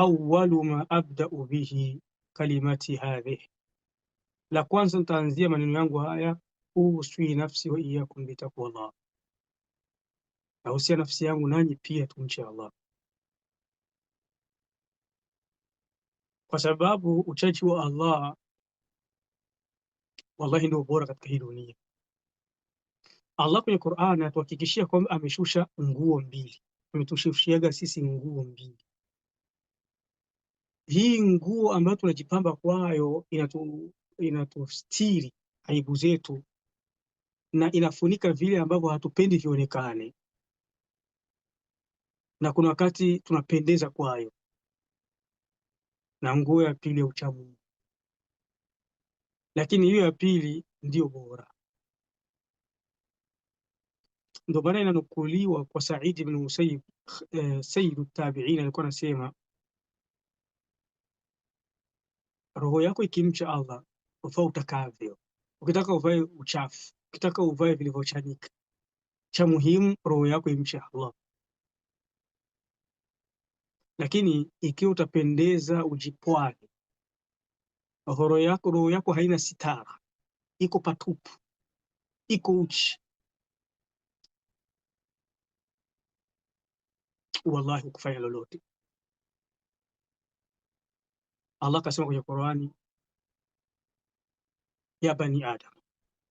awwalu ma abda'u bihi kalimati hadhihi, la kwanza nitaanzia maneno yangu haya, uswi nafsi wa iyakum iyyakum na nahusia nafsi yangu nanyi pia tumche Allah, kwa sababu uchaji wa Allah wallahi ndio bora katika hii dunia. Allah kwenye Qur'an anatuhakikishia kwamba ameshusha nguo mbili, ametushushia sisi nguo mbili hii nguo ambayo tunajipamba kwayo inatu, inatustiri aibu zetu na inafunika vile ambavyo hatupendi vionekane, na kuna wakati tunapendeza kwayo. Na nguo ya pili ya ucha lakini hiyo ya pili ndiyo bora. Ndio maana inanukuliwa kwa Saidi bin eh, sayyidu tabi'in, alikuwa anasema roho yako ikimcha Allah ufaa utakavyo. Ukitaka uvae uchafu, ukitaka uvae vilivyochanika, cha muhimu roho yako imche Allah. Lakini ikiwa utapendeza ujipwani roho yako roho yako haina sitara, iko patupu, iko uchi, wallahi ukufanya lolote Allah kasema kwenye Qur'ani, ya bani adam,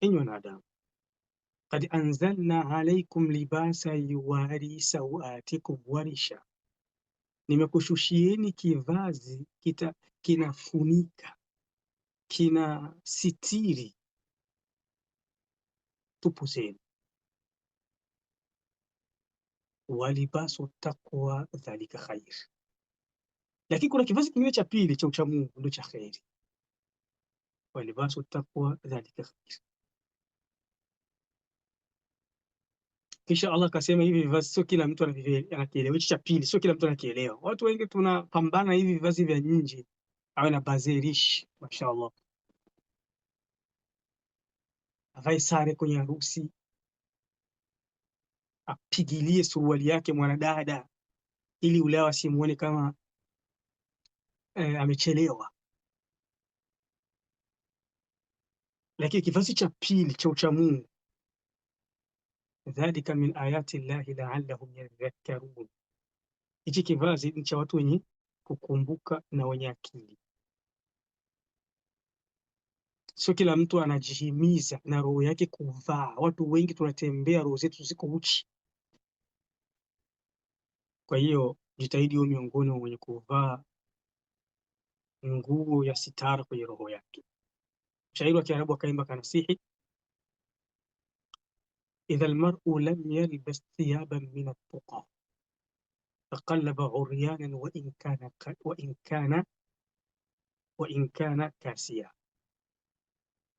enyi wanadamu, kad anzalna alaikum libasa yuwari sawatikum warisha, nimekushushieni kivazi kita, kinafunika kina sitiri tupu zenu. Walibasu taqwa dhalika khair lakini kuna kivazi kingine cha pili cha uchamungu ndio cha kheri, walibasu taqwa dhalika khair. Kisha Allah akasema hivi vivazi sio kila mtu anakielewa. Hicho cha pili sio kila mtu anakielewa. Watu wengi tunapambana hivi vivazi vya nje, awe na bazerish, mashaallah, avae sare kwenye harusi, apigilie suruali yake mwanadada, ili ulewa simuone kama eh, amechelewa. Lakini kifasi cha pili cha uchamungu, dhalika min ayati llahi laallahum yadhakkarun, hichi kivazi ni cha watu wenye kukumbuka na wenye akili. Sio kila mtu anajihimiza na roho yake kuvaa. Watu wengi tunatembea roho zetu ziko uchi. Kwa hiyo jitahidi wewe miongoni mwa wenye kuvaa nguvu ya sitara kwenye roho yake. Mshairi wa Kiarabu akaimba akanasihi, idha lmaru lam yalbas thiyaban min attuqa taqallaba uryanan wain kana wain kana wain kana kasiya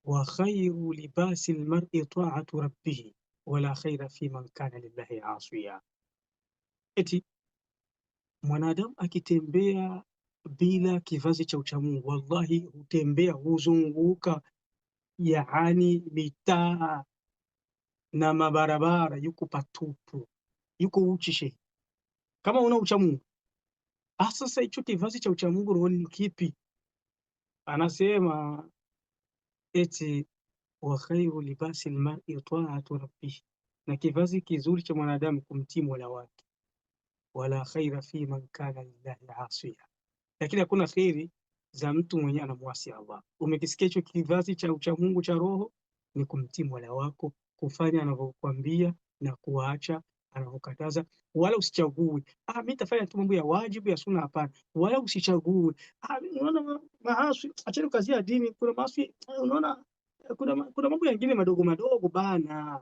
وخير لباس المرء طاعة ربه ولا خير في من كان لله عاصيا. Eti mwanadamu akitembea bila kivazi cha uchamungu, wallahi hutembea huzunguka, yaani mitaa na mabarabara, yuko patupu, yuko uchi shehe, kama una uchamungu. Ah, sasa hicho kivazi cha uchamungu roni ni kipi? Anasema eti wa khairu libasi lmari taatu rabbihi, na kivazi kizuri cha mwanadamu kumtii mola wake, wala khaira fi man kana lillahi asiya lakini hakuna kheri za mtu mwenye anamwasi Allah. Umekisikia hicho kivazi cha Mungu cha roho? Ni kumtii Mola wako, kufanya anavyokuambia na kuacha anavyokataza, wala usichague ah, mimi nitafanya tu mambo ya wajibu ya sunna. Hapana, wala usichague ah, unaona maasi, acheni kazi ya dini. Kuna maasi, unaona kuna, kuna mambo mengine madogo madogo bana